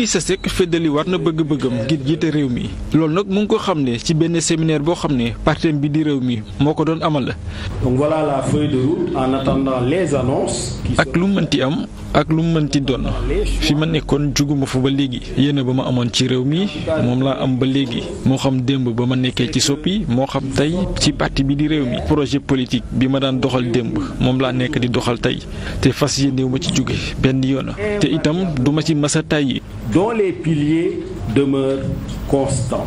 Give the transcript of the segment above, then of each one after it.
di Seck feddali war na bëgg-bëggam ngir jiite réew mi loolu nag mu ngi ko xam ne ci benn séminaire boo xam ne partem bi di réew mi moo ko doon amal. donc voilà la feuille de route en attendant les annonces. ak lu mënti am ak lu mënti doon fi ma nekkoon juguma fa ba léegi yéena ba ma amoon ci réew mi moom laa am ba léegi moo xam démb ba ma nekkee ci soppi moo xam tey ci parti bi di réew mi projet politique bi ma daan doxal démb moom laa nekk di doxal tey te fas yéenewu ma ci jóge benn yoon te itam duma ci masa tàyyi dont les piliers demeurent constants.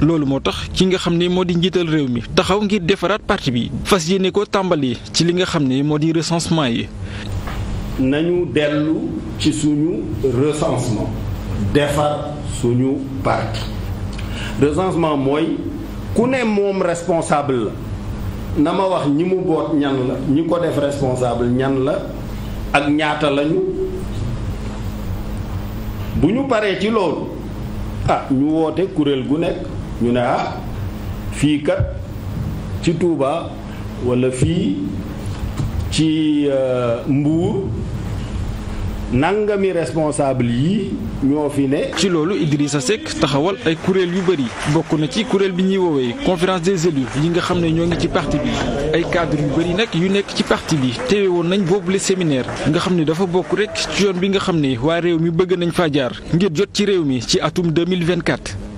loolu moo tax ki nga xam ni moo di njiital réew mi taxaw ngir defaraat parti bi fas yéene ko tàmbali ci li nga xam ni moo di recensement yi. nañu dellu ci suñu recensement defar suñu parti recensement mooy ku ne moom responsable la na ma wax ñi mu boot ñan la ñi ko def responsable ñan la ak ñaata lañu. bu ñu paree ci loolu ah ñu woote kuréel gu nekk ñu ne ah fii kat ci tuuba walla fii ci euh, Mbuur nangami responsable yi ñoo fi ne. ci loolu a Seck taxawal ay kuréel yu bëri bokk na ci kuréel bi ñuy woowee conférence des élus yi nga xam ne ñoo ngi ci parti bi ay cadres yu bëri nag yu nekk ci parti bi teewe woon nañ boobule séminaire nga xam ne dafa bokk rek ci yoon bi nga xam ne waa réew mi bëgg nañ faa ngir jot ci réew mi ci atum 2024.